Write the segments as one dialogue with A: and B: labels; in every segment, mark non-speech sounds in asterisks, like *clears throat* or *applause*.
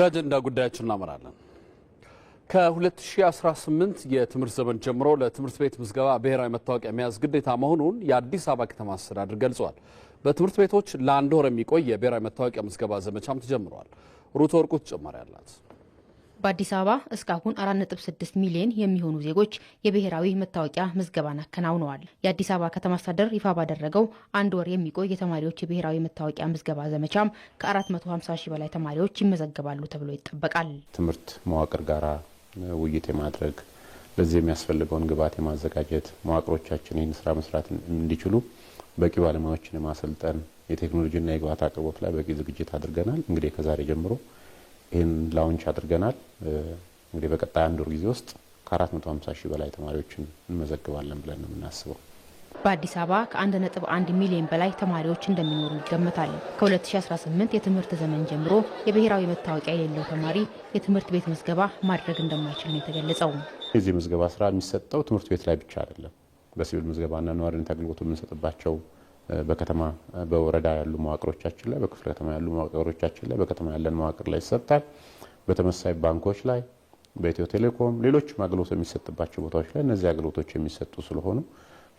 A: ወደ አጀንዳ ጉዳያችን እናመራለን። ከ2018 የትምህርት ዘመን ጀምሮ ለትምህርት ቤት ምዝገባ ብሔራዊ መታወቂያ መያዝ ግዴታ መሆኑን የአዲስ አበባ ከተማ አስተዳደር ገልጿል። በትምህርት ቤቶች ለአንድ ወር የሚቆይ የብሔራዊ መታወቂያ ምዝገባ ዘመቻም ተጀምሯል። ሩት ወርቁ ተጨማሪ አላት።
B: በአዲስ አበባ እስካሁን 4.6 ሚሊዮን የሚሆኑ ዜጎች የብሔራዊ መታወቂያ ምዝገባን አከናውነዋል። የአዲስ አበባ ከተማ አስተዳደር ይፋ ባደረገው አንድ ወር የሚቆይ የተማሪዎች የብሔራዊ መታወቂያ ምዝገባ ዘመቻም ከ450 ሺህ በላይ ተማሪዎች ይመዘገባሉ ተብሎ ይጠበቃል።
C: ትምህርት መዋቅር ጋራ ውይይት የማድረግ ለዚህ የሚያስፈልገውን ግብዓት የማዘጋጀት መዋቅሮቻችን ይህን ስራ መስራት እንዲችሉ በቂ ባለሙያዎችን የማሰልጠን የቴክኖሎጂና የግብዓት አቅርቦት ላይ በቂ ዝግጅት አድርገናል። እንግዲህ ከዛሬ ጀምሮ ይህን ላውንች አድርገናል። እንግዲህ በቀጣይ አንድ ወር ጊዜ ውስጥ መቶ ሀምሳ ሺህ በላይ ተማሪዎችን እንመዘግባለን ብለን ነው የምናስበው።
B: በአዲስ አበባ ከ አንድ ሚሊዮን በላይ ተማሪዎች እንደሚኖሩ ይገመታል። ከ2018 የትምህርት ዘመን ጀምሮ የብሔራዊ መታወቂያ የሌለው ተማሪ የትምህርት ቤት ምዝገባ ማድረግ እንደማይችል ነው የተገለጸው።
C: የዚህ ምዝገባ ስራ የሚሰጠው ትምህርት ቤት ላይ ብቻ አይደለም። በሲቪል ምዝገባና ነዋሪነት አገልግሎት የምንሰጥባቸው በከተማ በወረዳ ያሉ መዋቅሮቻችን ላይ፣ በክፍለ ከተማ ያሉ መዋቅሮቻችን ላይ፣ በከተማ ያለን መዋቅር ላይ ይሰጣል። በተመሳይ ባንኮች ላይ፣ በኢትዮ ቴሌኮም፣ ሌሎችም አገልግሎት የሚሰጥባቸው ቦታዎች ላይ እነዚህ አገልግሎቶች የሚሰጡ ስለሆኑ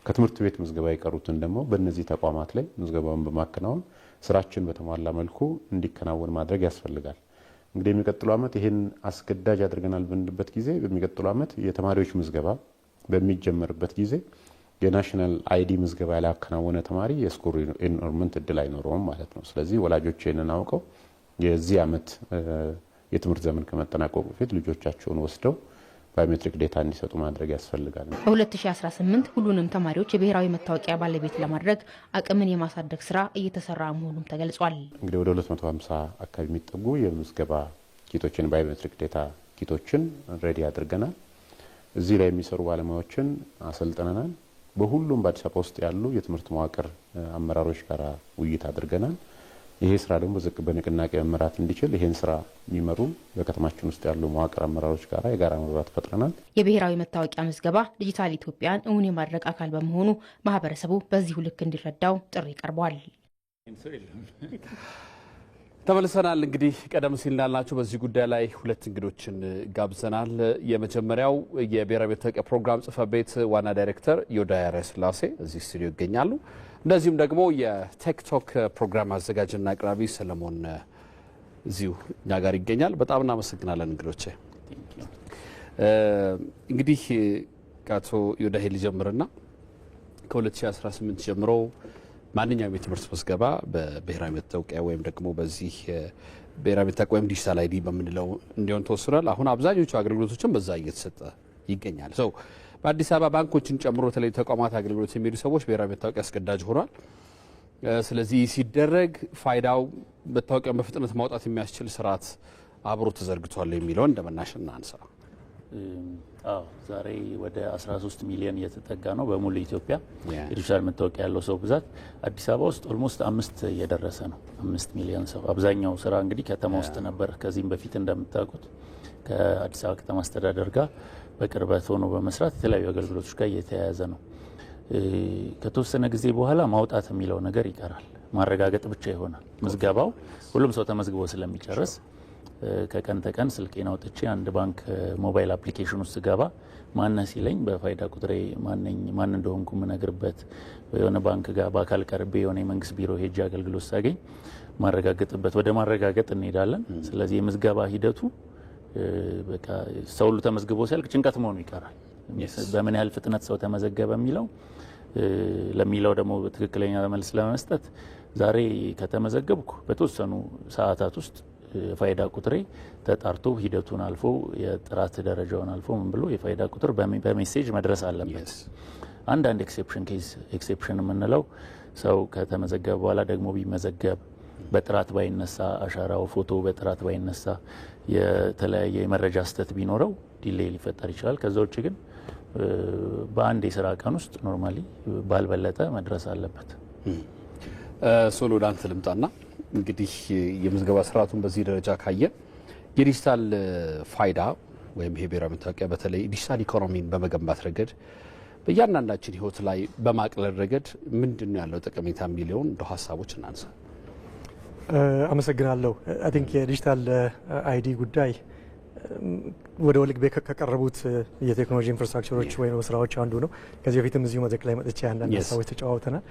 C: ከትምህርት ቤት ምዝገባ የቀሩትን ደግሞ በእነዚህ ተቋማት ላይ ምዝገባውን በማከናወን ስራችን በተሟላ መልኩ እንዲከናወን ማድረግ ያስፈልጋል። እንግዲህ የሚቀጥለው ዓመት ይህን አስገዳጅ አድርገናል ብንልበት ጊዜ በሚቀጥለው ዓመት የተማሪዎች ምዝገባ በሚጀመርበት ጊዜ የናሽናል አይዲ ምዝገባ ያላከናወነ ተማሪ የስኩል ኢንሮልመንት እድል አይኖረውም ማለት ነው። ስለዚህ ወላጆች ይህንን አውቀው የዚህ ዓመት የትምህርት ዘመን ከመጠናቀቁ በፊት ልጆቻቸውን ወስደው ባዮሜትሪክ ዴታ እንዲሰጡ ማድረግ ያስፈልጋል።
B: በ2018 ሁሉንም ተማሪዎች የብሔራዊ መታወቂያ ባለቤት ለማድረግ አቅምን የማሳደግ ስራ እየተሰራ መሆኑም ተገልጿል።
C: እንግዲህ ወደ 250 አካባቢ የሚጠጉ የምዝገባ ኪቶችን ባዮሜትሪክ ዴታ ኪቶችን ሬዲ አድርገናል። እዚህ ላይ የሚሰሩ ባለሙያዎችን አሰልጥነናል። በሁሉም በአዲስ አበባ ውስጥ ያሉ የትምህርት መዋቅር አመራሮች ጋር ውይይት አድርገናል። ይሄ ስራ ደግሞ ዝቅ በንቅናቄ መምራት እንዲችል ይሄን ስራ የሚመሩ በከተማችን ውስጥ ያሉ መዋቅር አመራሮች ጋር የጋራ መብራት ፈጥረናል።
B: የብሔራዊ መታወቂያ ምዝገባ ዲጂታል ኢትዮጵያን እውን የማድረግ አካል በመሆኑ ማህበረሰቡ በዚሁ ልክ እንዲረዳው ጥሪ ቀርቧል።
A: ተመልሰናል። እንግዲህ ቀደም ሲል እንዳልናቸው በዚህ ጉዳይ ላይ ሁለት እንግዶችን ጋብዘናል። የመጀመሪያው የብሔራዊ መታወቂያ ፕሮግራም ጽሕፈት ቤት ዋና ዳይሬክተር ዮዳሄ ስላሴ እዚህ ስቱዲዮ ይገኛሉ። እንደዚሁም ደግሞ የቴክቶክ ፕሮግራም አዘጋጅና አቅራቢ ሰለሞን እዚሁ እኛ ጋር ይገኛል። በጣም እናመሰግናለን እንግዶቼ። እንግዲህ ከአቶ ዮዳሄ ልጀምርና ከ2018 ጀምሮ ማንኛውም የትምህርት ምዝገባ በብሔራዊ መታወቂያ ወይም ደግሞ በዚህ ብሔራዊ መታወቂያ ወይም ዲጂታል አይዲ በምንለው እንዲሆን ተወስኗል። አሁን አብዛኞቹ አገልግሎቶችን በዛ እየተሰጠ ይገኛል። ሰው በአዲስ አበባ ባንኮችን ጨምሮ የተለያዩ ተቋማት አገልግሎት የሚሄዱ ሰዎች ብሔራዊ መታወቂያ አስገዳጅ ሆኗል። ስለዚህ ሲደረግ ፋይዳው መታወቂያን በፍጥነት ማውጣት የሚያስችል ስርዓት አብሮ ተዘርግቷል የሚለውን እንደ እናንሳ።
D: ዛሬ ወደ 13 ሚሊዮን እየተጠጋ ነው በሙሉ ኢትዮጵያ
A: የዲጂታል መታወቂያ ያለው ሰው ብዛት አዲስ አበባ ውስጥ ኦልሞስት አምስት እየደረሰ ነው። አምስት ሚሊዮን ሰው አብዛኛው ስራ እንግዲህ ከተማ ውስጥ ነበር። ከዚህም በፊት እንደምታውቁት ከአዲስ አበባ ከተማ አስተዳደር ጋር በቅርበት ሆኖ በመስራት የተለያዩ አገልግሎቶች ጋር እየተያያዘ ነው። ከተወሰነ ጊዜ በኋላ ማውጣት የሚለው ነገር ይቀራል። ማረጋገጥ ብቻ ይሆናል። ምዝገባው ሁሉም ሰው ተመዝግቦ ስለሚጨርስ ከቀን ተቀን ስልኬን አውጥቼ አንድ ባንክ ሞባይል አፕሊኬሽን ውስጥ ገባ ማነ ሲለኝ በፋይዳ ቁጥሬ ማን እንደሆንኩ የምነግርበት የሆነ ባንክ ጋር በአካል ቀርቤ የሆነ የመንግስት ቢሮ ሄጅ አገልግሎት ሳገኝ ማረጋገጥበት ወደ ማረጋገጥ እንሄዳለን። ስለዚህ የምዝገባ ሂደቱ በቃ ሰው ሁሉ ተመዝግቦ ሲያልቅ ጭንቀት መሆኑ ይቀራል። በምን ያህል ፍጥነት ሰው ተመዘገበ የሚለው ለሚለው ደግሞ ትክክለኛ መልስ ለመስጠት ዛሬ ከተመዘገብኩ በተወሰኑ ሰዓታት ውስጥ የፋይዳ ቁጥሬ ተጣርቶ ሂደቱን አልፎ የጥራት ደረጃውን አልፎ ምን ብሎ የፋይዳ ቁጥር በሜሴጅ መድረስ አለበት። አንዳንድ ኤክሴፕሽን ኬዝ ኤክሴፕሽን የምንለው ሰው ከተመዘገበ በኋላ ደግሞ ቢመዘገብ በጥራት ባይነሳ አሻራው ፎቶ በጥራት ባይነሳ የተለያየ የመረጃ ስተት ቢኖረው ዲሌይ ሊፈጠር ይችላል። ከዛ ውጭ ግን በአንድ የስራ ቀን ውስጥ ኖርማሊ ባልበለጠ መድረስ አለበት። ሶሎ ወደ አንተ ልምጣና እንግዲህ የምዝገባ ስርዓቱን በዚህ ደረጃ ካየ የዲጂታል ፋይዳ ወይም ይሄ ብሔራዊ መታወቂያ በተለይ ዲጂታል ኢኮኖሚን በመገንባት ረገድ በእያንዳንዳችን ህይወት ላይ በማቅለል ረገድ ምንድን ነው ያለው ጠቀሜታ የሚለውን እንደ ሀሳቦች እናንሳ።
E: አመሰግናለሁ። አይ ቲንክ የዲጂታል አይዲ ጉዳይ ወደ ወልግቤ ከቀረቡት የቴክኖሎጂ ኢንፍራስትራክቸሮች ወይም ስራዎች አንዱ ነው። ከዚህ በፊትም እዚሁ መድረክ ላይ መጥቼ አንዳንድ ሀሳቦች ተጨዋውተናል።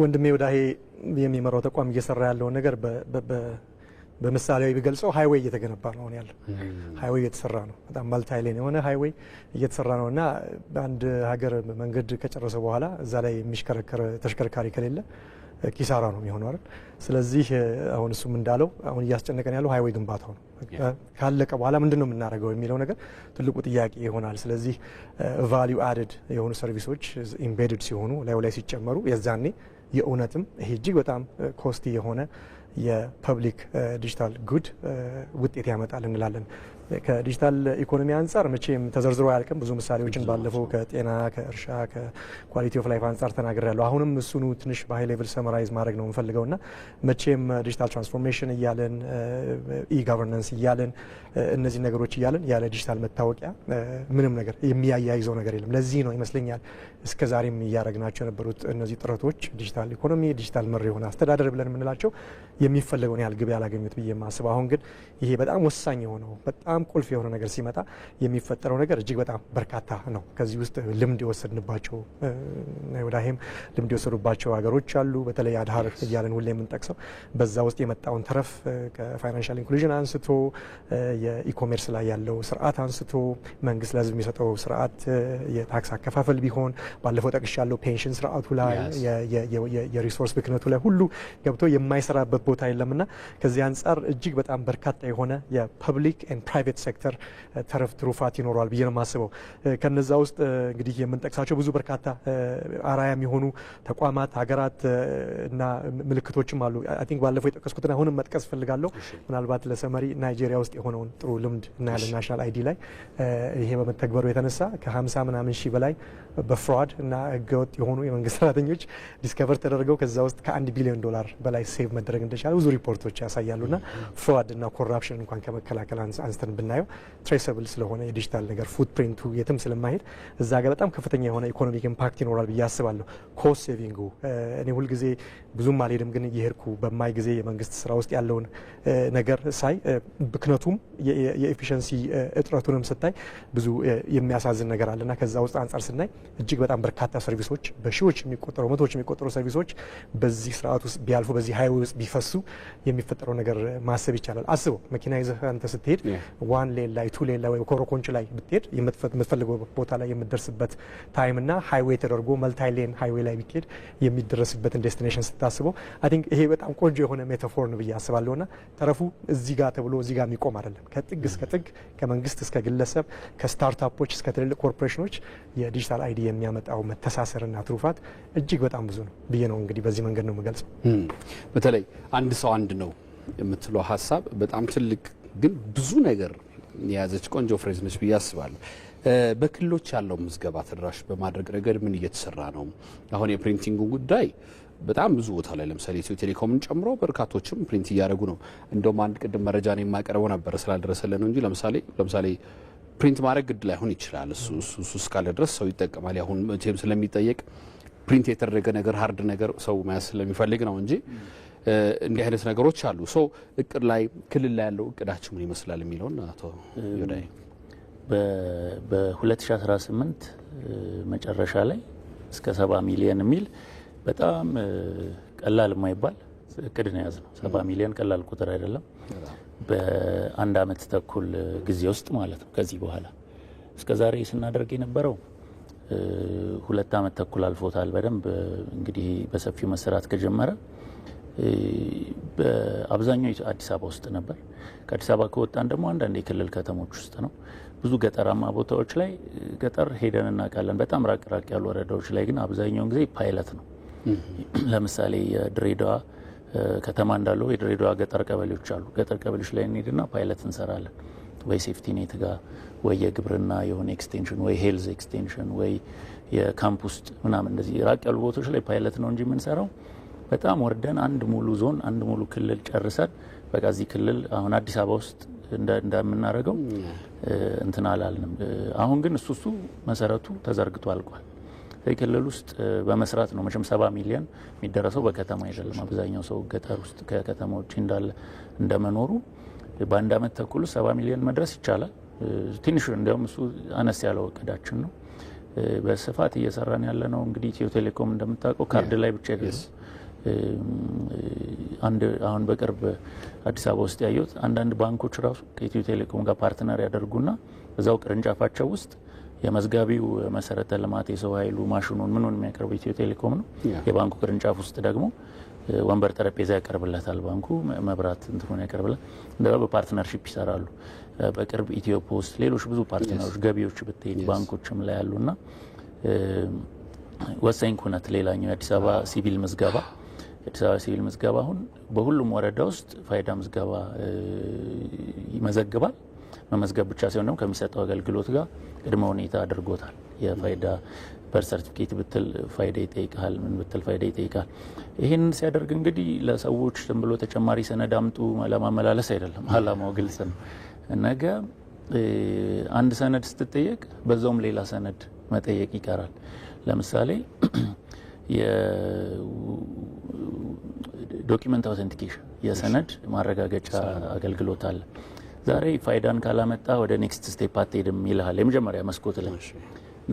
E: ወንድሜ ወዳሄ የሚመራው ተቋም እየሰራ ያለውን ነገር በምሳሌያዊ ቢገልጸው ሀይዌይ እየተገነባ ነው ሆን ያለው ሀይዌይ እየተሰራ ነው። በጣም ማልቲ ሀይሌን የሆነ ሀይዌይ እየተሰራ ነው እና አንድ ሀገር መንገድ ከጨረሰ በኋላ እዛ ላይ የሚሽከረከር ተሽከርካሪ ከሌለ ኪሳራ ነው የሚሆነው አይደል። ስለዚህ አሁን እሱም እንዳለው አሁን እያስጨነቀን ያለው ሀይዌይ ግንባታው ነው። ካለቀ በኋላ ምንድን ነው የምናደርገው የሚለው ነገር ትልቁ ጥያቄ ይሆናል። ስለዚህ ቫሊዩ አድድ የሆኑ ሰርቪሶች ኢምቤድድ ሲሆኑ ላዩ ላይ ሲጨመሩ የዛኔ የእውነትም ይሄ እጅግ በጣም ኮስቲ የሆነ የፐብሊክ ዲጂታል ጉድ ውጤት ያመጣል እንላለን። ከዲጂታል ኢኮኖሚ አንጻር መቼም ተዘርዝሮ አያልቅም። ብዙ ምሳሌዎችን ባለፈው ከጤና ከእርሻ ከኳሊቲ ኦፍ ላይፍ አንጻር ያለሁ አሁንም እሱኑ ትንሽ በሀይ ሌቭል ሰመራይዝ ማድረግ ነው የምፈልገው እና መቼም ዲጂታል ትራንስፎርሜሽን እያለን ኢ እያለን እነዚህ ነገሮች እያለን ያለ ዲጂታል መታወቂያ ምንም ነገር የሚያያይዘው ነገር የለም። ለዚህ ነው ይመስለኛል እስከ ዛሬም እያደረግናቸው የነበሩት እነዚህ ጥረቶች ዲጂታል ኢኮኖሚ፣ ዲጂታል መር የሆነ አስተዳደር ብለን የምንላቸው የሚፈለገውን ያህል ግብ ያላገኙት ብዬ ማስብ አሁን ግን ይሄ በጣም ወሳኝ የሆነው በጣም በጣም ቁልፍ የሆነ ነገር ሲመጣ የሚፈጠረው ነገር እጅግ በጣም በርካታ ነው። ከዚህ ውስጥ ልምድ የወሰድንባቸው ወዳይም ልምድ የወሰዱባቸው ሀገሮች አሉ። በተለይ አድሃር እያለን ሁሌ የምንጠቅሰው በዛ ውስጥ የመጣውን ተረፍ ከፋይናንሻል ኢንክሉዥን አንስቶ የኢኮሜርስ ላይ ያለው ስርዓት አንስቶ መንግስት ለህዝብ የሚሰጠው ስርዓት የታክስ አከፋፈል ቢሆን ባለፈው ጠቅሽ ያለው ፔንሽን ስርዓቱ ላይ የሪሶርስ ብክነቱ ላይ ሁሉ ገብቶ የማይሰራበት ቦታ የለምና ከዚህ አንጻር እጅግ በጣም በርካታ የሆነ የፐብሊክ የፕራይቬት ሴክተር ተረፍ ትሩፋት ይኖረዋል ብዬ ነው የማስበው። ከነዛ ውስጥ እንግዲህ የምንጠቅሳቸው ብዙ በርካታ አራያ የሚሆኑ ተቋማት፣ ሀገራት እና ምልክቶችም አሉ። አይ ቲንክ ባለፈው የጠቀስኩትን አሁንም መጥቀስ ፈልጋለሁ። ምናልባት ለሰመሪ ናይጄሪያ ውስጥ የሆነውን ጥሩ ልምድ እናያለን። ናሽናል አይዲ ላይ ይሄ በመተግበሩ የተነሳ ከ50 ምናምን ሺህ በላይ በፍራድ እና ህገወጥ የሆኑ የመንግስት ሰራተኞች ዲስከቨር ተደርገው ከዛ ውስጥ ከአንድ ቢሊዮን ዶላር በላይ ሴቭ መደረግ እንደቻለ ብዙ ሪፖርቶች ያሳያሉና ፍራድ እና ኮራፕሽን እንኳን ከመከላከል አንስተን አድርገን ብናየው ትሬሰብል ስለሆነ የዲጂታል ነገር ፉትፕሪንቱ የትም ስለማሄድ እዛ ጋር በጣም ከፍተኛ የሆነ ኢኮኖሚክ ኢምፓክት ይኖራል ብዬ አስባለሁ። ኮስት ሴቪንጉ እኔ ሁልጊዜ ብዙም አልሄድም፣ ግን እየሄድኩ በማይ ጊዜ የመንግስት ስራ ውስጥ ያለውን ነገር ሳይ ብክነቱም የኤፊሽንሲ እጥረቱንም ስታይ ብዙ የሚያሳዝን ነገር አለና ከዛ ውስጥ አንጻር ስናይ እጅግ በጣም በርካታ ሰርቪሶች በሺዎች የሚቆጠሩ መቶዎች የሚቆጠሩ ሰርቪሶች በዚህ ስርዓት ውስጥ ቢያልፉ በዚህ ሀይዌ ውስጥ ቢፈሱ የሚፈጠረው ነገር ማሰብ ይቻላል። አስበው መኪና ይዘህ አንተ ስትሄድ ዋን ሌን ላይ ቱ ሌን ላይ ወይ ኮሮኮንች ላይ ብትሄድ የምትፈልገው ቦታ ላይ የምትደርስበት ታይም እና ሃይዌይ ተደርጎ መልታይ ሌን ሃይዌይ ላይ ብትሄድ የሚደረስበትን ዴስቲኔሽን ስታስበው አይ ቲንክ ይሄ በጣም ቆንጆ የሆነ ሜታፎር ነው ብዬ አስባለሁ። ና ተረፉ እዚህ ጋር ተብሎ እዚህ ጋር የሚቆም አይደለም። ከጥግ እስከ ጥግ፣ ከመንግስት እስከ ግለሰብ፣ ከስታርታፖች እስከ ትልልቅ ኮርፖሬሽኖች የዲጂታል አይዲ የሚያመጣው መተሳሰርና ትሩፋት እጅግ በጣም ብዙ ነው ብዬ ነው እንግዲህ በዚህ መንገድ ነው የምገልጸው።
A: በተለይ አንድ ሰው አንድ ነው የምትለው ሀሳብ በጣም ትልቅ ግን ብዙ ነገር የያዘች ቆንጆ ፍሬዝ ነች ብዬ አስባለሁ። በክልሎች ያለው ምዝገባ ተደራሽ በማድረግ ረገድ ምን እየተሰራ ነው? አሁን የፕሪንቲንግ ጉዳይ በጣም ብዙ ቦታ ላይ ለምሳሌ ኢትዮ ቴሌኮምን ጨምሮ በርካቶችም ፕሪንት እያደረጉ ነው። እንደውም አንድ ቅድም መረጃ ነው የማቀርበው ነበር ስላልደረሰለ ነው እንጂ ለምሳሌ ለምሳሌ ፕሪንት ማድረግ ግድ ላይሆን ይችላል። እሱ እስካለ ድረስ ሰው ይጠቀማል። አሁን መቼም ስለሚጠየቅ ፕሪንት የተደረገ ነገር ሀርድ ነገር ሰው መያዝ ስለሚፈልግ ነው እንጂ እንዲህ አይነት ነገሮች አሉ። ሰው እቅድ ላይ ክልል ላይ ያለው እቅዳችሁ ምን ይመስላል የሚለውን አቶ ዮዳይ
D: በ2018 መጨረሻ ላይ እስከ 70 ሚሊዮን የሚል በጣም ቀላል የማይባል እቅድ ነው የያዝነው። 70 ሚሊዮን ቀላል ቁጥር አይደለም። በአንድ አመት ተኩል ጊዜ ውስጥ ማለት ነው። ከዚህ በኋላ እስከ ዛሬ ስናደርግ የነበረው ሁለት አመት ተኩል አልፎታል። በደንብ እንግዲህ በሰፊው መሰራት ከጀመረ በአብዛኛው አዲስ አበባ ውስጥ ነበር። ከአዲስ አበባ ከወጣን ደግሞ አንዳንድ የክልል ከተሞች ውስጥ ነው። ብዙ ገጠራማ ቦታዎች ላይ ገጠር ሄደን እናውቃለን። በጣም ራቅ ራቅ ያሉ ወረዳዎች ላይ ግን አብዛኛውን ጊዜ ፓይለት ነው። ለምሳሌ የድሬዳዋ ከተማ እንዳለው የድሬዳዋ ገጠር ቀበሌዎች አሉ። ገጠር ቀበሌዎች ላይ እንሄድና ፓይለት እንሰራለን ወይ ሴፍቲ ኔት ጋር ወይ የግብርና የሆነ ኤክስቴንሽን ወይ ሄልዝ ኤክስቴንሽን ወይ የካምፕ ውስጥ ምናምን እንደዚህ ራቅ ያሉ ቦታዎች ላይ ፓይለት ነው እንጂ የምንሰራው በጣም ወርደን አንድ ሙሉ ዞን አንድ ሙሉ ክልል ጨርሰን በቃ እዚህ ክልል አሁን አዲስ አበባ ውስጥ እንደምናደርገው እንትን አላልንም። አሁን ግን እሱ እሱ መሰረቱ ተዘርግቶ አልቋል። ክልል ውስጥ በመስራት ነው መቼም ሰባ ሚሊዮን የሚደረሰው በከተማ አይደለም። አብዛኛው ሰው ገጠር ውስጥ ከከተማ ውጭ እንዳለ እንደመኖሩ በአንድ አመት ተኩል ሰባ ሚሊዮን መድረስ ይቻላል። ትንሹ እንዲያውም እሱ አነስ ያለው እቅዳችን ነው። በስፋት እየሰራን ያለ ነው። እንግዲህ ኢትዮ ቴሌኮም እንደምታውቀው ካርድ ላይ ብቻ አይደለም አንድ አሁን በቅርብ አዲስ አበባ ውስጥ ያየሁት አንዳንድ ባንኮች ራሱ ከኢትዮ ቴሌኮም ጋር ፓርትነር ያደርጉና እዛው ቅርንጫፋቸው ውስጥ የመዝጋቢው መሰረተ ልማት የሰው ኃይሉ ማሽኑን ምኑን የሚያቀርበው ኢትዮ ቴሌኮም ነው። የባንኩ ቅርንጫፍ ውስጥ ደግሞ ወንበር፣ ጠረጴዛ ያቀርብለታል ባንኩ መብራት እንትሆን ያቀርብለት እንደ በፓርትነርሽፕ ይሰራሉ። በቅርብ ኢትዮ ፖስት፣ ሌሎች ብዙ ፓርትነሮች ገቢዎች ብትሄድ ባንኮችም ላይ ያሉና ወሳኝ ኩነት ሌላኛው የአዲስ አበባ ሲቪል ምዝገባ የአዲስ አበባ ሲቪል ምዝገባ አሁን በሁሉም ወረዳ ውስጥ ፋይዳ ምዝገባ ይመዘግባል። መመዝገብ ብቻ ሳይሆን ደግሞ ከሚሰጠው አገልግሎት ጋር ቅድመ ሁኔታ አድርጎታል። የፋይዳ በር ሰርቲፊኬት ብትል ፋይዳ ይጠይቃል። ምን ብትል ፋይዳ ይጠይቃል። ይህን ሲያደርግ እንግዲህ ለሰዎች ዝም ብሎ ተጨማሪ ሰነድ አምጡ ለማመላለስ አይደለም። አላማው ግልጽ ነው። ነገ አንድ ሰነድ ስትጠየቅ በዛውም ሌላ ሰነድ መጠየቅ ይቀራል። ለምሳሌ *clears throat* ዶኪመንት አውተንቲኬሽን የሰነድ ማረጋገጫ አገልግሎት አለ። ዛሬ ፋይዳን ካላመጣ ወደ ኔክስት ስቴፕ አትሄድም ይልሃል የመጀመሪያ መስኮት ላይ።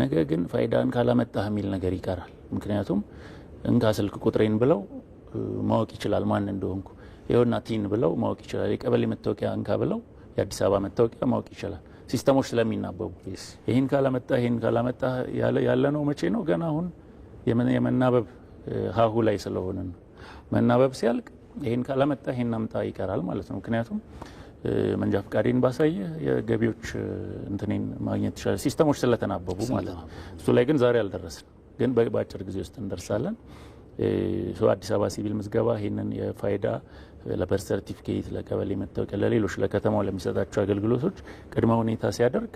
D: ነገ ግን ፋይዳን ካላመጣ የሚል ነገር ይቀራል። ምክንያቱም እንካ ስልክ ቁጥሬን ብለው ማወቅ ይችላል ማን እንደሆንኩ። ይኸውና ቲን ብለው ማወቅ ይችላል። የቀበሌ መታወቂያ እንካ ብለው የአዲስ አበባ መታወቂያ ማወቅ ይችላል። ሲስተሞች ስለሚናበቡ ይህን ካላመጣ ይህን ካላመጣ ያለ ነው። መቼ ነው ገና አሁን የመናበብ ሀሁ ላይ ስለሆነ ነው። መናበብ ሲያልቅ ይሄን ካላመጣ ይህን አምጣ ይቀራል ማለት ነው። ምክንያቱም መንጃ ፈቃዴን ባሳየ የገቢዎች እንትኔን ማግኘት ትችላለህ፣ ሲስተሞች ስለተናበቡ ማለት ነው። እሱ ላይ ግን ዛሬ አልደረስን፣ ግን በአጭር ጊዜ ውስጥ እንደርሳለን። አዲስ አበባ ሲቪል ምዝገባ ይህንን የፋይዳ ለበር ሰርቲፊኬት፣ ለቀበሌ መታወቂያ፣ ለሌሎች ለከተማው ለሚሰጣቸው አገልግሎቶች ቅድመ ሁኔታ ሲያደርግ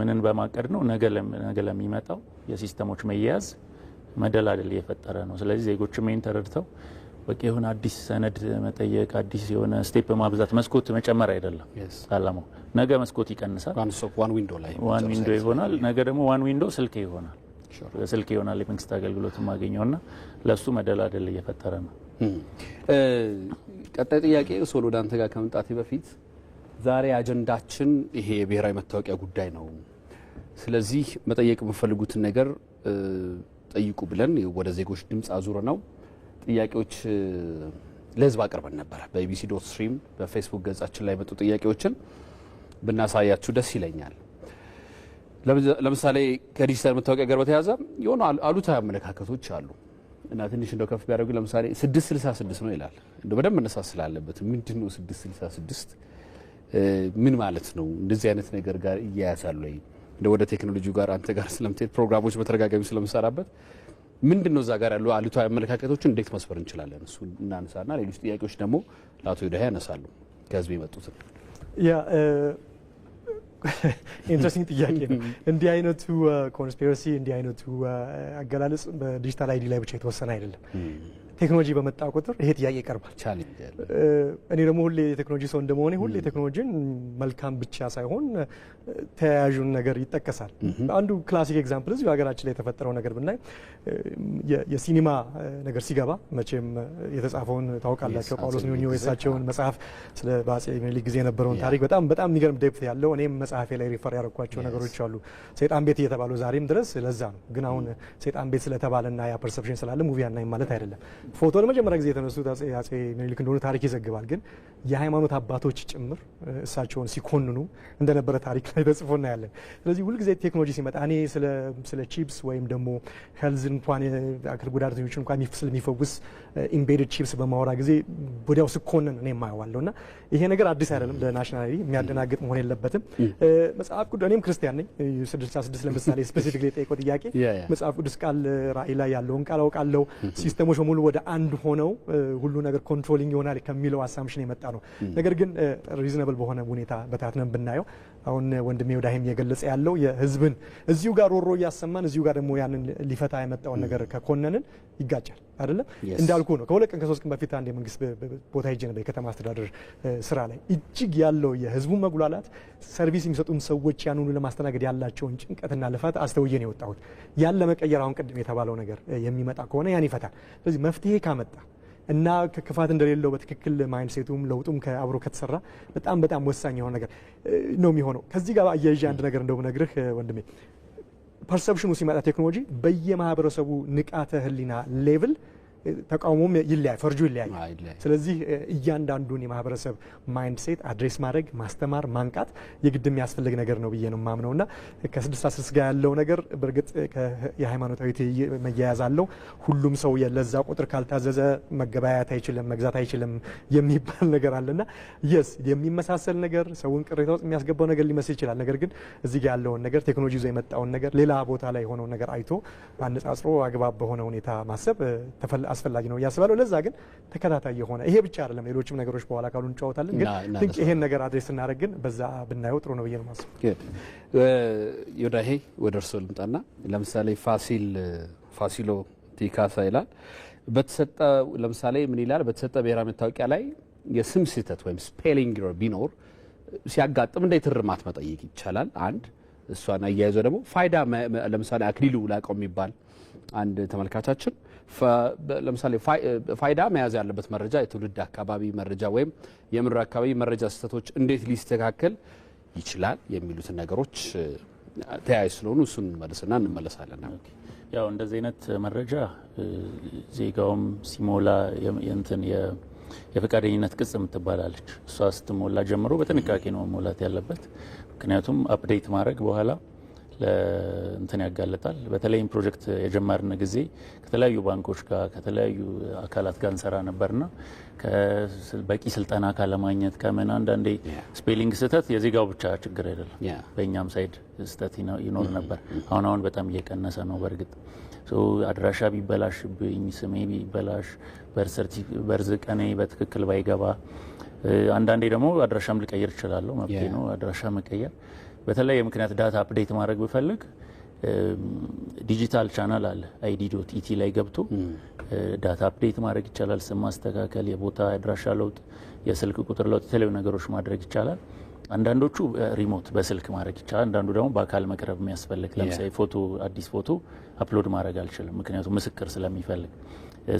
D: ምንን በማቀድ ነው ነገ ለሚመጣው የሲስተሞች መያያዝ መደላደል እየፈጠረ ነው። ስለዚህ ዜጎችም ይህን ተረድተው በቂ የሆነ አዲስ ሰነድ መጠየቅ አዲስ የሆነ ስቴፕ ማብዛት መስኮት መጨመር አይደለም አላማው። ነገ መስኮት ይቀንሳል፣ ዋን ዊንዶ ይሆናል። ነገ ደግሞ ዋን ዊንዶ ስልክ ይሆናል፣ ስልክ ይሆናል የመንግስት አገልግሎት የማገኘውና ለእሱ መደላደል እየፈጠረ ነው። hmm.
A: ቀጣይ ጥያቄ ሶሎ ወደ አንተ ጋር ከመምጣቴ በፊት ዛሬ አጀንዳችን ይሄ የብሔራዊ መታወቂያ ጉዳይ ነው። ስለዚህ መጠየቅ የምፈልጉትን ነገር ጠይቁ ብለን ወደ ዜጎች ድምፅ አዙር ነው ጥያቄዎች ለህዝብ አቅርበን ነበረ። በኢቢሲ ዶት ስትሪም በፌስቡክ ገጻችን ላይ የመጡ ጥያቄዎችን ብናሳያችሁ ደስ ይለኛል። ለምሳሌ ከዲጂታል መታወቂያ ጋር በተያያዘ የሆኑ አሉታዊ አመለካከቶች አሉ እና ትንሽ እንደው ከፍ ቢያደርጉ ለምሳሌ 666 ነው ይላል። እንደ በደንብ መነሳት ስላለበት ምንድን ነው 666 ምን ማለት ነው? እንደዚህ አይነት ነገር ጋር እያያዛሉ ወይም እንደ ወደ ቴክኖሎጂ ጋር አንተ ጋር ስለምትሄድ ፕሮግራሞች በተደጋጋሚ ስለምሰራበት ምንድን ነው እዛ ጋር ያሉ አሉታዊ አመለካከቶችን እንዴት መስበር እንችላለን? እሱ እናነሳና ሌሎች ጥያቄዎች ደግሞ ለአቶ ዩዳ ያነሳሉ ከህዝብ የመጡትን
E: ያ ኢንትረስቲንግ ጥያቄ ነው። እንዲህ አይነቱ ኮንስፒረሲ እንዲህ አይነቱ አገላለጽ በዲጂታል አይዲ ላይ ብቻ የተወሰነ አይደለም። ቴክኖሎጂ በመጣ ቁጥር ይሄ ጥያቄ ይቀርባል። እኔ ደግሞ ሁሌ የቴክኖሎጂ ሰው እንደመሆኔ ሁሌ ቴክኖሎጂን መልካም ብቻ ሳይሆን ተያያዥን ነገር ይጠቀሳል። አንዱ ክላሲክ ኤግዛምፕል እዚሁ ሀገራችን ላይ የተፈጠረው ነገር ብናይ የሲኒማ ነገር ሲገባ መቼም የተጻፈውን ታውቃላቸው ጳውሎስ ኞኞ የሳቸውን መጽሐፍ ስለ በአጼ ምኒልክ ጊዜ የነበረውን ታሪክ በጣም በጣም የሚገርም ዴፕት ያለው እኔም መጽሐፌ ላይ ሪፈር ያደረኳቸው ነገሮች አሉ። ሰይጣን ቤት እየተባለው ዛሬም ድረስ ለዛ ነው። ግን አሁን mm. ሰይጣን ቤት ስለተባለና ያ ፐርሰፕሽን ስላለ ሙቪ አናይም ማለት አይደለም። ፎቶ ለመጀመሪያ ጊዜ የተነሱት አጼ ምኒልክ እንደሆኑ ታሪክ ይዘግባል። ግን የሃይማኖት አባቶች ጭምር እሳቸውን ሲኮንኑ እንደነበረ ታሪክ ላይ ተጽፎ እናያለን። ስለዚህ ሁልጊዜ ቴክኖሎጂ ሲመጣ እኔ ስለ ቺፕስ ወይም ደግሞ ሄልዝ እንኳን የአካል ጉዳተኞች እንኳን የሚፈውስ ኢምቤድድ ቺፕስ በማወራ ጊዜ ወዲያው ስኮንን እኔ የማየዋለሁ እና ይሄ ነገር አዲስ አይደለም። ለናሽናል አይዲ የሚያደናግጥ መሆን የለበትም። መጽሐፍ ቅዱስ እኔም ክርስቲያን ነኝ። ስድስት ለምሳሌ ስፔሲፊክ *laughs* የጠየቀው ጥያቄ መጽሐፍ ቅዱስ ቃል ራእይ ላይ ያለውን ቃል አውቃለሁ፣ ሲስተሞች በሙሉ ወደ አንድ ሆነው ሁሉ ነገር ኮንትሮሊንግ ይሆናል ከሚለው አሳምሽን የመጣ ነው። ነገር ግን ሪዝነብል በሆነ ሁኔታ በታትነን ብናየው አሁን ወንድሜ ወዳሂም እየገለጸ ያለው የህዝብን እዚሁ ጋር ሮሮ እያሰማን እዚሁ ጋር ደግሞ ያንን ሊፈታ የመጣውን ነገር ከኮነንን ይጋጫል አይደለም። እንዳልኩ ነው። ከሁለት ቀን ከሶስት ቀን በፊት አንድ የመንግስት ቦታ ሄጄ ነበር የከተማ አስተዳደር ስራ ላይ እጅግ ያለው የህዝቡ መጉላላት፣ ሰርቪስ የሚሰጡም ሰዎች ያንኑ ለማስተናገድ ያላቸውን ጭንቀትና ልፋት አስተውየን የወጣሁት ያን ለመቀየር አሁን ቅድም የተባለው ነገር የሚመጣ ከሆነ ያን ይፈታል። ስለዚህ መፍትሄ ካመጣ እና ክፋት እንደሌለው በትክክል ማይንድ ለውጡም አብሮ ከተሰራ በጣም በጣም ወሳኝ የሆነ ነገር ነው የሚሆነው። ከዚህ ጋር አያይዤ አንድ ነገር እንደው ነግርህ ወንድሜ ፐርሰፕሽኑ ሲመጣ ቴክኖሎጂ በየማህበረሰቡ ንቃተ ህሊና ሌቭል ተቃውሞም ይለያይ፣ ፈርጁ ይለያይ። ስለዚህ እያንዳንዱን የማህበረሰብ ማይንድ ሴት አድሬስ ማድረግ ማስተማር፣ ማንቃት የግድ የሚያስፈልግ ነገር ነው ብዬ ነው የማምነው እና ከስድስት አስስት ጋር ያለው ነገር በእርግጥ የሃይማኖታዊ መያያዝ አለው። ሁሉም ሰው ለዛ ቁጥር ካልታዘዘ መገበያየት አይችልም፣ መግዛት አይችልም የሚባል ነገር አለና የስ የሚመሳሰል ነገር ሰውን ቅሬታ ውስጥ የሚያስገባው ነገር ሊመስል ይችላል። ነገር ግን እዚህ ጋር ያለውን ነገር ቴክኖሎጂ ይዞ የመጣውን ነገር ሌላ ቦታ ላይ የሆነውን ነገር አይቶ አነጻጽሮ አግባብ በሆነ ሁኔታ ማሰብ ተፈላ አስፈላጊ ነው እያስባለሁ። ለዛ ግን ተከታታይ የሆነ ይሄ ብቻ አይደለም፣ ሌሎችም ነገሮች በኋላ ካሉ እንጫወታለን። ግን ይሄን ነገር አድሬስ ስናደርግ ግን በዛ ብናየው ጥሩ ነው ብዬ ነው ማስበው።
A: uh, ዮዳሄ ወደ እርሶ ልምጣና ለምሳሌ ፋሲል ፋሲሎ ቲካሳ ይላል በተሰጠ ለምሳሌ ምን ይላል በተሰጠ ብሔራዊ መታወቂያ ላይ የስም ስህተት ወይም ስፔሊንግ ቢኖር ሲያጋጥም እንዴት እርማት መጠየቅ ይቻላል? አንድ እሷን አያይዞ ደግሞ ፋይዳ ለምሳሌ አክሊሉ ላቀው የሚባል አንድ ተመልካቻችን ለምሳሌ ፋይዳ መያዝ ያለበት መረጃ የትውልድ አካባቢ መረጃ ወይም የምድር አካባቢ መረጃ ስህተቶች እንዴት ሊስተካከል ይችላል የሚሉትን ነገሮች ተያያዥ ስለሆኑ እሱን መልስና እንመለሳለን።
D: ያው እንደዚህ አይነት መረጃ ዜጋውም ሲሞላ እንትን የፈቃደኝነት ቅጽ የምትባላለች እሷ ስትሞላ ጀምሮ በጥንቃቄ ነው መሞላት ያለበት። ምክንያቱም አፕዴት ማድረግ በኋላ እንትን ያጋልጣል። በተለይም ፕሮጀክት የጀመርን ጊዜ ከተለያዩ ባንኮች ጋር ከተለያዩ አካላት ጋር እንሰራ ነበርና በቂ ስልጠና ካለማግኘት ከምን አንዳንዴ ስፔሊንግ ስህተት የዜጋው ብቻ ችግር አይደለም፣ በእኛም ሳይድ ስህተት ይኖር mm-hmm. ነበር። mm-hmm. አሁን አሁን በጣም እየቀነሰ ነው። በእርግጥ አድራሻ ቢበላሽብኝ፣ ስሜ ቢበላሽ፣ በርዝ ቀኔ በትክክል ባይገባ፣ አንዳንዴ ደግሞ አድራሻም ልቀይር እችላለሁ፣ መብቴ ነው አድራሻ መቀየር በተለያየ ምክንያት ዳታ አፕዴት ማድረግ ብፈልግ ዲጂታል ቻናል አለ አይዲ ዶት ኢቲ ላይ ገብቶ ዳታ አፕዴት ማድረግ ይቻላል። ስም ማስተካከል፣ የቦታ አድራሻ ለውጥ፣ የስልክ ቁጥር ለውጥ፣ የተለያዩ ነገሮች ማድረግ ይቻላል። አንዳንዶቹ ሪሞት በስልክ ማድረግ ይቻላል። አንዳንዱ ደግሞ በአካል መቅረብ የሚያስፈልግ ለምሳሌ ፎቶ አዲስ ፎቶ አፕሎድ ማድረግ አልችልም፣ ምክንያቱም ምስክር ስለሚፈልግ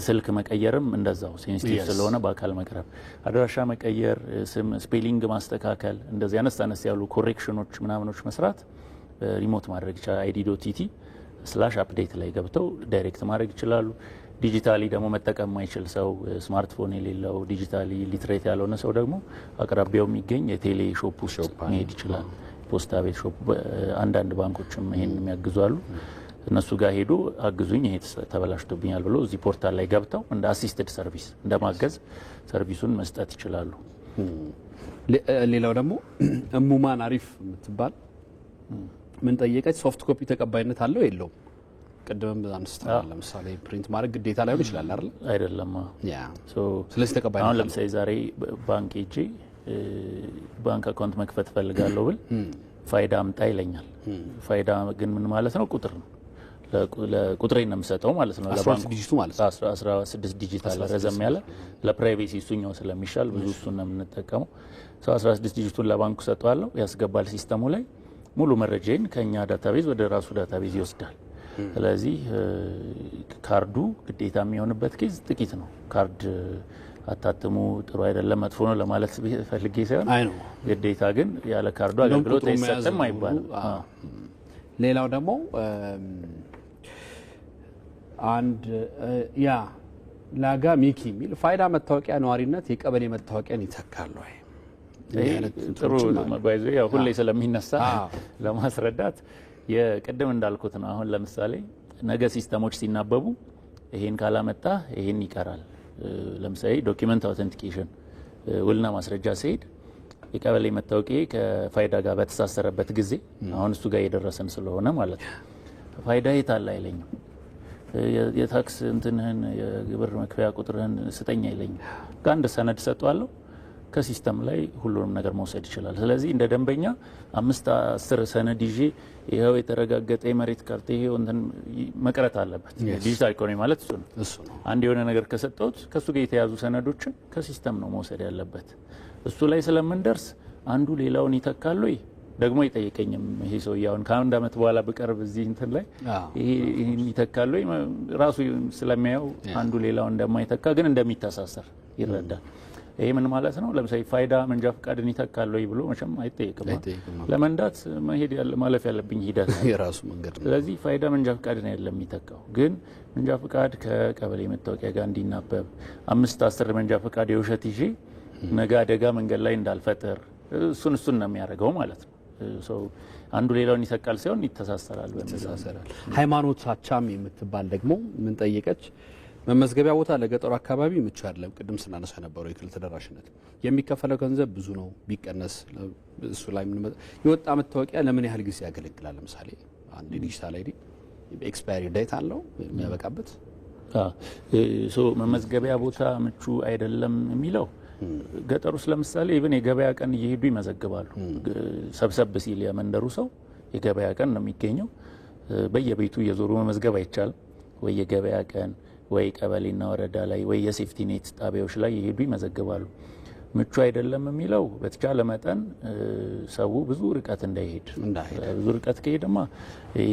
D: ስልክ መቀየርም እንደዛው ሴንሲቲቭ ስለሆነ በአካል መቅረብ፣ አድራሻ መቀየር፣ ስም፣ ስፔሊንግ ማስተካከል፣ እንደዚህ አነስ አነስ ያሉ ኮሬክሽኖች ምናምኖች መስራት ሪሞት ማድረግ ይችላል። አይዲ ዶት ቲቲ ስላሽ አፕዴት ላይ ገብተው ዳይሬክት ማድረግ ይችላሉ። ዲጂታሊ ደግሞ መጠቀም ማይችል ሰው ስማርትፎን የሌለው ዲጂታሊ ሊትሬት ያልሆነ ሰው ደግሞ አቅራቢያው የሚገኝ የቴሌ ሾፕ ውስጥ መሄድ ይችላል። ፖስታ ቤት ሾፕ፣ አንዳንድ ባንኮችም ይሄን የሚያግዙ አሉ። እነሱ ጋር ሄዶ አግዙኝ ይሄ ተበላሽቶብኛል ብሎ እዚህ ፖርታል ላይ ገብተው እንደ አሲስትድ ሰርቪስ እንደ ማገዝ ሰርቪሱን መስጠት ይችላሉ።
A: ሌላው ደግሞ *clears throat* እሙማን አሪፍ የምትባል ምን ጠየቀች፣ ሶፍት ኮፒ ተቀባይነት አለው የለውም? ቅድምም አንስተናል። ለምሳሌ ፕሪንት ማድረግ ግዴታ ላይሆን ይችላል አይደል?
D: አይደለም። ስለዚህ ተቀባይ አሁን ለምሳሌ ዛሬ ባንክ ሄጄ ባንክ አካውንት መክፈት እፈልጋለሁ ብል ፋይዳ አምጣ ይለኛል። ፋይዳ ግን ምን ማለት ነው? ቁጥር ነው ለቁጥሬ ነው የምሰጠው ማለት ነው። ዲጂቱ ማለት ነው 16 ዲጂታል ረዘም ያለ ለፕራይቬሲ እሱኛው ስለሚሻል ብዙ እሱን ነው የምንጠቀመው። ሰው 16 ዲጂቱን ለባንኩ ሰጠዋለሁ፣ ያስገባል ሲስተሙ ላይ ሙሉ መረጃን ከእኛ ዳታቤዝ ወደ ራሱ ዳታቤዝ ይወስዳል። ስለዚህ ካርዱ ግዴታ የሚሆንበት ኬዝ ጥቂት ነው። ካርድ አታትሙ ጥሩ አይደለም መጥፎ ነው ለማለት ፈልጌ ሳይሆን ግዴታ ግን ያለ ካርዱ አገልግሎት አይሰጥም አይባልም።
A: ሌላው ደግሞ አንድ ያ ላጋ ሚኪ የሚል ፋይዳ መታወቂያ ነዋሪነት የቀበሌ መታወቂያን ይተካሉ።
D: ጥሩ ያው ሁሌ ስለሚነሳ ለማስረዳት የቅድም እንዳልኩት ነው። አሁን ለምሳሌ ነገ ሲስተሞች ሲናበቡ ይሄን ካላመጣ ይሄን ይቀራል። ለምሳሌ ዶኪመንት አውተንቲኬሽን ውልና ማስረጃ ሲሄድ የቀበሌ መታወቂያ ከፋይዳ ጋር በተሳሰረበት ጊዜ አሁን እሱ ጋር የደረሰን ስለሆነ ማለት ነው ፋይዳ የት አለ አይለኝም የታክስ እንትንህን የግብር መክፈያ ቁጥርህን ስጠኝ አይለኝም። ከአንድ ሰነድ ሰጠዋለሁ። ከሲስተም ላይ ሁሉንም ነገር መውሰድ ይችላል። ስለዚህ እንደ ደንበኛ አምስት አስር ሰነድ ይዤ ይኸው የተረጋገጠ የመሬት ካርታ ይሄው እንትን መቅረት አለበት። ዲጂታል ኢኮኖሚ ማለት እሱ ነው። አንድ የሆነ ነገር ከሰጠሁት ከእሱ ጋር የተያዙ ሰነዶችን ከሲስተም ነው መውሰድ ያለበት። እሱ ላይ ስለምንደርስ አንዱ ሌላውን ይተካሉ። ደግሞ አይጠይቀኝም። ይሄ ሰውዬ አሁን ከአንድ ዓመት በኋላ ብቀርብ እዚህ እንትን ላይ ይህን ይተካሉ ራሱ ስለሚያየው አንዱ ሌላው እንደማይተካ ግን እንደሚተሳሰር ይረዳል። ይሄ ምን ማለት ነው? ለምሳሌ ፋይዳ መንጃ ፈቃድን ይተካል ወይ ብሎ መቼም አይጠየቅም። ለመንዳት መሄድ ማለፍ ያለብኝ ሂደት የራሱ መንገድ። ስለዚህ ፋይዳ መንጃ ፈቃድን ያለ የሚተካው፣ ግን መንጃ ፈቃድ ከቀበሌ መታወቂያ ጋር እንዲናበብ አምስት አስር መንጃ ፈቃድ የውሸት ይዤ ነገ አደጋ መንገድ ላይ እንዳልፈጥር እሱን እሱን ነው የሚያደርገው ማለት ነው። ሰው አንዱ ሌላውን ይሰቃል ሳይሆን ይተሳሰራል። ይተሳሰራል።
A: ሃይማኖት አቻም የምትባል ደግሞ ምን ጠየቀች? መመዝገቢያ ቦታ ለገጠሩ አካባቢ ምቹ አይደለም። ቅድም ስናነሳ የነበረው የክልል ተደራሽነት የሚከፈለው ገንዘብ ብዙ ነው። ቢቀነስ እሱ ላይ የወጣ መታወቂያ ለምን ያህል ጊዜ ያገለግላል? ለምሳሌ አንድ ዲጂታል አይዲ ኤክስፓየሪ ዴት አለው የሚያበቃበት።
D: መመዝገቢያ ቦታ ምቹ አይደለም የሚለው ገጠር ውስጥ ለምሳሌ ኢቭን የገበያ ቀን እየሄዱ ይመዘግባሉ። ሰብሰብ ሲል የመንደሩ ሰው የገበያ ቀን ነው የሚገኘው። በየቤቱ እየዞሩ መመዝገብ አይቻልም ወይ የገበያ ቀን ወይ ቀበሌና ወረዳ ላይ ወይ የሴፍቲ ኔት ጣቢያዎች ላይ እየሄዱ ይመዘግባሉ። ምቹ አይደለም የሚለው በተቻለ መጠን ሰው ብዙ ርቀት እንዳይሄድ፣ ብዙ ርቀት ከሄደማ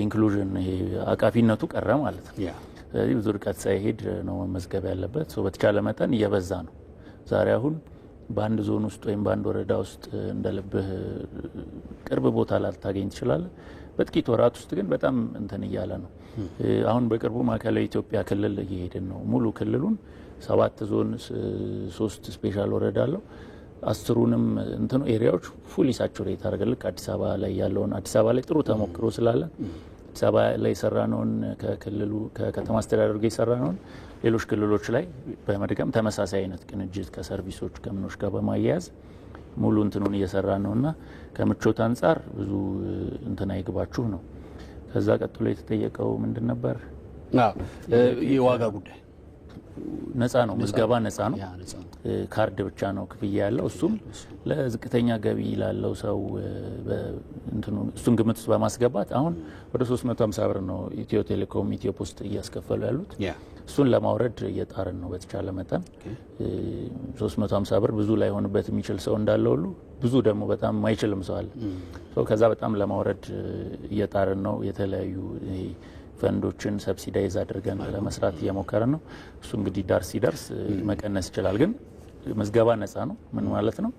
D: ኢንክሉዥን አቃፊነቱ ቀረ ማለት ነው። ብዙ ርቀት ሳይሄድ ነው መመዝገብ ያለበት። በተቻለ መጠን እየበዛ ነው። ዛሬ አሁን በአንድ ዞን ውስጥ ወይም በአንድ ወረዳ ውስጥ እንደልብህ ቅርብ ቦታ ላልታገኝ ትችላለ። በጥቂት ወራት ውስጥ ግን በጣም እንትን እያለ ነው። አሁን በቅርቡ ማዕከላዊ ኢትዮጵያ ክልል እየሄድን ነው። ሙሉ ክልሉን ሰባት ዞን፣ ሶስት ስፔሻል ወረዳ አለው። አስሩንም እንትኑ ኤሪያዎች ፉሊ ሳቹሬት አድርገልክ አዲስ አበባ ላይ ያለውን አዲስ አበባ ላይ ጥሩ ተሞክሮ ስላለ አዲስ አበባ ላይ ነውን ከክልሉ ከከተማ አስተዳደሩ ጋር ነውን ሌሎች ክልሎች ላይ በመድገም ተመሳሳይ አይነት ቅንጅት ከሰርቪሶች ከምኖች ጋር በማያያዝ ሙሉ እንትኑን እየሰራ ነው እና ከምቾት አንጻር ብዙ እንትን አይግባችሁ ነው። ከዛ ቀጥሎ የተጠየቀው ምንድን ነበር?
A: የዋጋ ጉዳይ
D: ነፃ ነው፣ ምዝገባ ነፃ ነው። ካርድ ብቻ ነው ክፍያ ያለው። እሱም ለዝቅተኛ ገቢ ላለው ሰው እሱን ግምት ውስጥ በማስገባት አሁን ወደ 350 ብር ነው ኢትዮ ቴሌኮም፣ ኢትዮ ፖስት እያስከፈሉ ያሉት። እሱን ለማውረድ እየጣርን ነው። በተቻለ መጠን 350 ብር ብዙ ላይሆንበት የሚችል ሰው እንዳለ ሁሉ ብዙ ደግሞ በጣም ማይችልም ሰው አለ። ከዛ በጣም ለማውረድ እየጣርን ነው የተለያዩ ፈንዶችን ሰብሲዳይዝ አድርገን ለመስራት እየሞከረ ነው። እሱ እንግዲህ ዳር ሲደርስ መቀነስ ይችላል። ግን ምዝገባ ነጻ ነው። ምን ማለት ነው?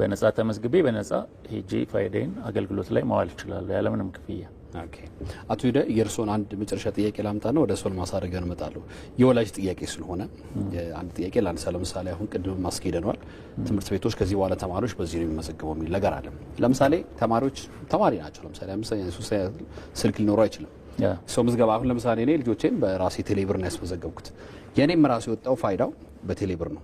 D: በነጻ ተመዝግቤ በነጻ ሄጄ ፋይዳይን አገልግሎት ላይ መዋል ይችላል ያለምንም ክፍያ።
A: አቶ ሂደ የእርስዎን አንድ መጨረሻ ጥያቄ ነው ወደ ሶል ማሳደግ እንመጣለሁ። የወላጅ ጥያቄ ስለሆነ አንድ ጥያቄ ላንሳ። ለምሳሌ አሁን ቅድም ማስኬደነዋል ትምህርት ቤቶች ከዚህ በኋላ ተማሪዎች በዚህ ነው የሚመዘግበው የሚል ነገር አለ። ለምሳሌ ተማሪዎች ተማሪ ናቸው። ለምሳሌ ስልክ ሊኖረው አይችልም ሰው ምዝገባ አሁን ለምሳሌ እኔ ልጆቼን በራሴ ቴሌብር ነው ያስመዘገብኩት። የእኔም ራሱ የወጣው ፋይዳው በቴሌብር ነው።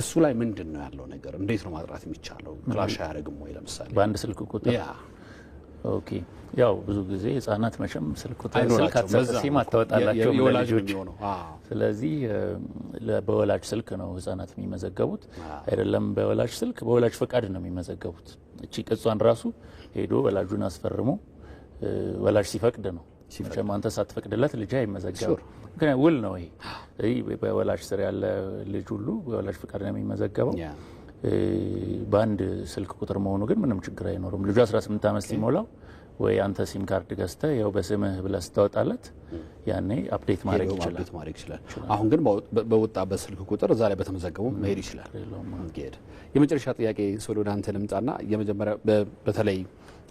A: እሱ ላይ ምንድን ነው ያለው ነገር? እንዴት ነው ማጥራት የሚቻለው? ክላሽ አያደርግም ወይ? ለምሳሌ
D: በአንድ ስልክ ቁጥር ኦኬ ያው ብዙ ጊዜ ህጻናት መቼም ስልክ ሲም አታወጣላቸው ለልጆች። ስለዚህ በወላጅ ስልክ ነው ህጻናት የሚመዘገቡት። አይደለም በወላጅ ስልክ በወላጅ ፈቃድ ነው የሚመዘገቡት። እቺ ቅጿን ራሱ ሄዶ ወላጁን አስፈርሞ ወላጅ ሲፈቅድ ነው ሲጀመር አንተ ሳትፈቅድለት ልጅ አይመዘገብም። ምክንያቱም ውል ነው ይሄ በወላጅ ስር ያለ ልጅ ሁሉ በወላጅ ፍቃድ ነው የሚመዘገበው። በአንድ ስልክ ቁጥር መሆኑ ግን ምንም ችግር አይኖርም። ልጁ 18 ዓመት ሲሞላው ወይ አንተ ሲም ካርድ ገዝተ ያው በስምህ ብለህ ስታወጣለት ያኔ አፕዴት ማድረግ ይችላል። ማድረግ ይችላል።
A: አሁን ግን በወጣበት ስልክ ቁጥር እዛ ላይ በተመዘገቡ መሄድ ይችላል። የመጨረሻ ጥያቄ ሶሎዳ አንተ ልምጣና የመጀመሪያ በተለይ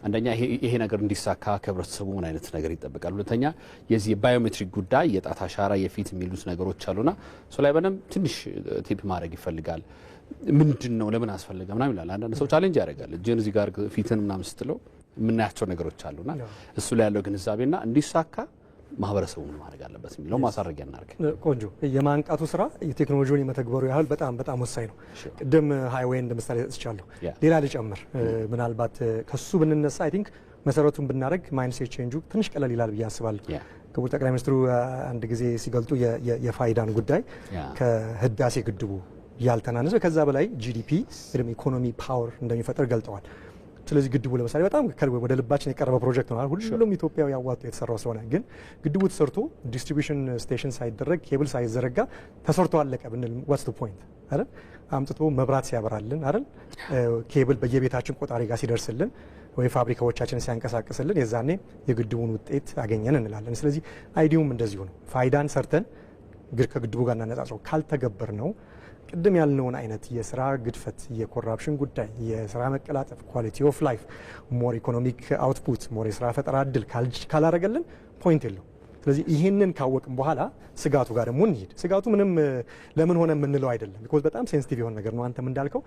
A: አንደኛ ይሄ ነገር እንዲሳካ ከህብረተሰቡ ምን አይነት ነገር ይጠበቃል? ሁለተኛ የዚህ የባዮሜትሪክ ጉዳይ የጣት አሻራ፣ የፊት የሚሉት ነገሮች አሉና እሱ ላይ በደንብ ትንሽ ቴፕ ማድረግ ይፈልጋል። ምንድን ነው ለምን አስፈለገ ምናም ይላል። አንዳንድ ሰው ቻሌንጅ ያደርጋል። እጅን እዚህ ጋር ፊትን ምናም ስትለው የምናያቸው ነገሮች አሉና እሱ ላይ ያለው ግንዛቤና እንዲሳካ ማህበረሰቡ ምን ማድረግ አለበት የሚለው ማሳረጊያ እናርግ።
E: ቆንጆ የማንቃቱ ስራ የቴክኖሎጂውን የመተግበሩ ያህል በጣም በጣም ወሳኝ ነው። ቅድም ሀይዌይ ምሳሌ ሰጥቻለሁ። ሌላ ልጨምር ምናልባት ከሱ ብንነሳ አይ ቲንክ መሰረቱን ብናደረግ ማይንድሴት ቼንጁ ትንሽ ቀለል ይላል ብዬ አስባለሁ። ክቡር ጠቅላይ ሚኒስትሩ አንድ ጊዜ ሲገልጡ የፋይዳን ጉዳይ ከህዳሴ ግድቡ ያልተናነሰ ከዛ በላይ ጂዲፒ ኢኮኖሚ ፓወር እንደሚፈጠር ገልጠዋል። ስለዚህ ግድቡ ለምሳሌ በጣም ወደ ልባችን የቀረበ ፕሮጀክት ነው። ሁሉም ኢትዮጵያዊ ያዋጡ የተሰራው ስለሆነ ግን ግድቡ ተሰርቶ ዲስትሪቢሽን ስቴሽን ሳይደረግ ኬብል ሳይዘረጋ ተሰርቶ አለቀ ብንል ዋትስ ቱ ፖይንት አይደል? አምጥቶ መብራት ሲያበራልን አይደል? ኬብል በየቤታችን ቆጣሪ ጋር ሲደርስልን ወይ ፋብሪካዎቻችን ሲያንቀሳቅስልን የዛኔ የግድቡን ውጤት አገኘን እንላለን። ስለዚህ አይዲውም እንደዚሁ ነው። ፋይዳን ሰርተን ከግድቡ ጋር እናነጻጽረው ካልተገበር ነው ቅድም ያልነውን አይነት የስራ ግድፈት፣ የኮራፕሽን ጉዳይ፣ የስራ መቀላጠፍ፣ ኳሊቲ ኦፍ ላይፍ፣ ሞር ኢኮኖሚክ አውትፑት፣ ሞር የስራ ፈጠራ እድል ካላረገልን ፖይንት የለው። ስለዚህ ይህንን ካወቅም በኋላ ስጋቱ ጋር ደግሞ እንሂድ። ስጋቱ ምንም ለምን ሆነ የምንለው አይደለም። ቢኮዝ በጣም ሴንስቲቭ የሆነ ነገር ነው። አንተም እንዳልከው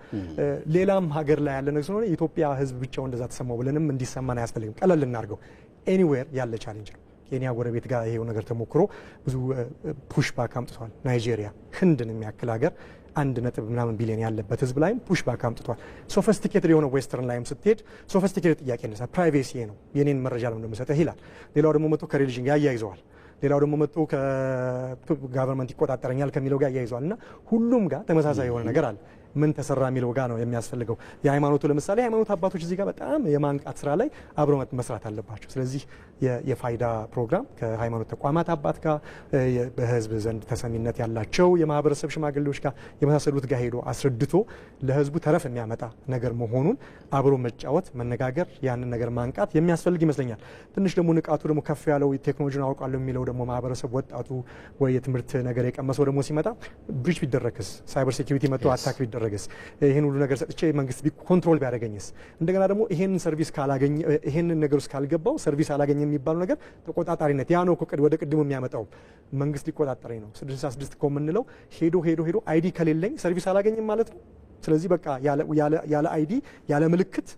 E: ሌላም ሀገር ላይ ያለ ነገር ስለሆነ የኢትዮጵያ ሕዝብ ብቻው እንደዛ ተሰማው ብለንም እንዲሰማን አያስፈልግም። ቀለል እናድርገው። ኤኒዌር ያለ ቻሌንጅ ነው። ኬንያ ጎረቤት ጋር ይሄው ነገር ተሞክሮ ብዙ ባክ አምጥቷል። ናይጄሪያ፣ ህንድን የሚያክል ሀገር አንድ ነጥብ ምናምን ቢሊዮን ያለበት ህዝብ ላይም ፑሽ ባክ አምጥቷል። ሶፈስቲኬትድ የሆነ ዌስተርን ላይም ስትሄድ ሶፈስቲኬትድ ጥያቄ ነሳ ፕራይቬሲ ነው የኔን መረጃ ለምን እንደምሰጠህ ይላል። ሌላው ደግሞ መጥቶ ከሪሊጅን ጋር አያይዘዋል። ሌላው ደግሞ መጥቶ ከጋቨርንመንት ይቆጣጠረኛል ከሚለው ጋር ያያይዘዋል እና ሁሉም ጋር ተመሳሳይ የሆነ ነገር አለ። ምን ተሰራ የሚለው ጋ ነው የሚያስፈልገው። የሃይማኖቱ ለምሳሌ የሃይማኖት አባቶች እዚህ ጋር በጣም የማንቃት ስራ ላይ አብረው መስራት አለባቸው። ስለዚህ የፋይዳ ፕሮግራም ከሃይማኖት ተቋማት አባት ጋር በህዝብ ዘንድ ተሰሚነት ያላቸው የማህበረሰብ ሽማግሌዎች ጋር የመሳሰሉት ጋር ሄዶ አስረድቶ ለህዝቡ ተረፍ የሚያመጣ ነገር መሆኑን አብሮ መጫወት፣ መነጋገር፣ ያንን ነገር ማንቃት የሚያስፈልግ ይመስለኛል። ትንሽ ደግሞ ንቃቱ ደግሞ ከፍ ያለው ቴክኖሎጂን አውቃለሁ የሚለው ደግሞ ማህበረሰብ ወጣቱ ወይ የትምህርት ነገር የቀመሰው ደግሞ ሲመጣ ብሪጅ ቢደረግስ ሳይበር ሴኪሪቲ መጥቶ አታክ ቢደረግ ባደረገስ ይህን ሁሉ ነገር ሰጥቼ መንግስት ኮንትሮል ቢያደረገኝስ እንደገና ደግሞ ይሄን ሰርቪስ ካላገኘ ይሄን ነገር ውስጥ ካልገባው ሰርቪስ አላገኘ የሚባለው ነገር ተቆጣጣሪነት ያ ነው እኮ ወደ ቅድሙ የሚያመጣው መንግስት ሊቆጣጠረኝ ነው 66 እኮ የምንለው ሄዶ ሄዶ ሄዶ አይዲ ከሌለኝ ሰርቪስ አላገኝም ማለት ነው ስለዚህ በቃ ያለ አይዲ ያለ ምልክት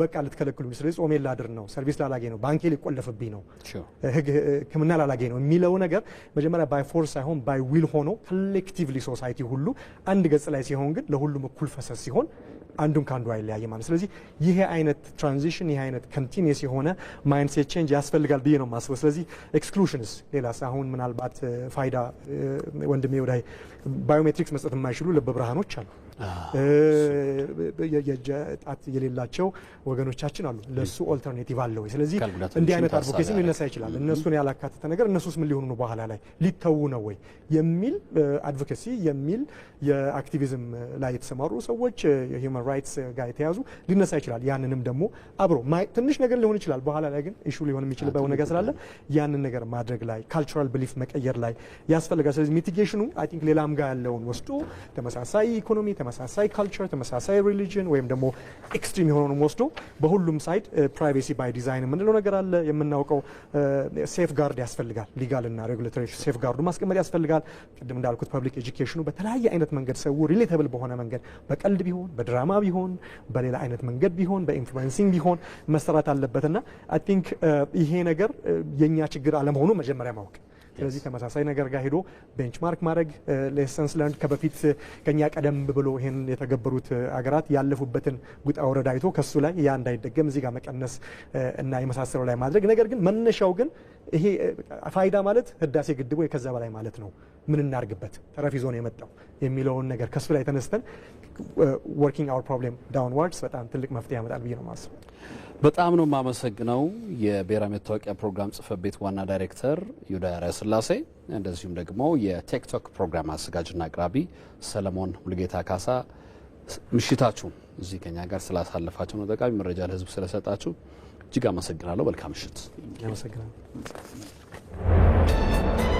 E: በቃ ልትከለክሉ ስለዚህ ጾሜን ላድር ነው፣ ሰርቪስ ላላገኝ ነው፣ ባንኬ ሊቆለፍብኝ ነው፣ ሕክምና ላላገኝ ነው የሚለው ነገር መጀመሪያ ባይ ፎርስ ሳይሆን ባይ ዊል ሆኖ ኮሌክቲቭሊ ሶሳይቲ ሁሉ አንድ ገጽ ላይ ሲሆን ግን ለሁሉም እኩል ፈሰስ ሲሆን አንዱን ከአንዱ አይለያይ ማለት። ስለዚህ ይሄ አይነት ትራንዚሽን ይሄ አይነት ኮንቲኒየስ የሆነ ማይንድሴት ቼንጅ ያስፈልጋል ብዬ ነው የማስበው። ስለዚህ ኤክስክሉሽንስ ሌላ አሁን ምናልባት ፋይዳ ወንድሜ ወዳይ ባዮሜትሪክስ መስጠት የማይችሉ ልበ ብርሃኖች አሉ። ጣት የሌላቸው ወገኖቻችን አሉ። ለእሱ ኦልተርኔቲቭ አለ ወይ? ስለዚህ እንዲህ አይነት አድቮኬሲ ሊነሳ ይችላል። እነሱን ያላካተተ ነገር እነሱስ ምን ሊሆኑ ነው በኋላ ላይ ሊተዉ ነው ወይ የሚል አድቮኬሲ የሚል የአክቲቪዝም ላይ የተሰማሩ ሰዎች የሂውማን ራይትስ ጋር የተያዙ ሊነሳ ይችላል። ያንንም ደግሞ አብሮ ትንሽ ነገር ሊሆን ይችላል። በኋላ ላይ ግን ኢሹ ሊሆን የሚችል ነገር ስላለ ያንን ነገር ማድረግ ላይ ካልቸራል ብሊፍ መቀየር ላይ ያስፈልጋል። ስለዚህ ሚቲጌሽኑ አይ ቲንክ ሌላም ጋር ያለውን ወስዶ ተመሳሳይ ኢኮኖሚ ተመሳሳይ ካልቸር፣ ተመሳሳይ ሪሊጅን ወይም ደግሞ ኤክስትሪም የሆነውን ወስዶ በሁሉም ሳይድ ፕራይቬሲ ባይ ዲዛይን የምንለው ነገር አለ። የምናውቀው ሴፍ uh, ጋርድ ያስፈልጋል። ሊጋልና ሬጉሌተሪ ሴፍ ጋርዱ ማስቀመጥ ያስፈልጋል። ቅድም እንዳልኩት ፐብሊክ ኤጁኬሽኑ በተለያየ አይነት መንገድ ሰው ሪሌተብል በሆነ መንገድ በቀልድ ቢሆን በድራማ ቢሆን በሌላ አይነት መንገድ ቢሆን በኢንፍሉዌንሲንግ ቢሆን መሰራት አለበትና አይ ቲንክ ይሄ ነገር uh, የእኛ ችግር አለመሆኑ መጀመሪያ ማወቅ ስለዚህ ተመሳሳይ ነገር ጋር ሄዶ ቤንችማርክ ማድረግ ሌሰንስ ለርንድ ከበፊት ከኛ ቀደም ብሎ ይህን የተገበሩት አገራት ያለፉበትን ጉጣ ውረድ አይቶ ከሱ ላይ ያ እንዳይደገም እዚህ ጋር መቀነስ እና የመሳሰለው ላይ ማድረግ ነገር ግን መነሻው ግን ይሄ ፋይዳ ማለት ህዳሴ ግድቡ ከዛ በላይ ማለት ነው። ምን እናርግበት ተረፍ ይዞ ነው የመጣው የሚለውን ነገር ከሱ ላይ ተነስተን ወርኪንግ አወር ፕሮብሌም ዳውንዋርድስ በጣም ትልቅ መፍትሄ ያመጣል ብዬ ነው ማስበው።
A: በጣም ነው የማመሰግነው የብሔራዊ መታወቂያ ፕሮግራም ጽህፈት ቤት ዋና ዳይሬክተር ዩዳያ ስላሴ እንደዚሁም ደግሞ የቲክቶክ ፕሮግራም አዘጋጅና አቅራቢ ሰለሞን ሙልጌታ ካሳ ምሽታችሁ እዚህ ከኛ ጋር ስላሳለፋችሁ ነው ጠቃሚ መረጃ ለህዝብ ስለሰጣችሁ እጅግ አመሰግናለሁ። መልካም ምሽት። አመሰግናለሁ።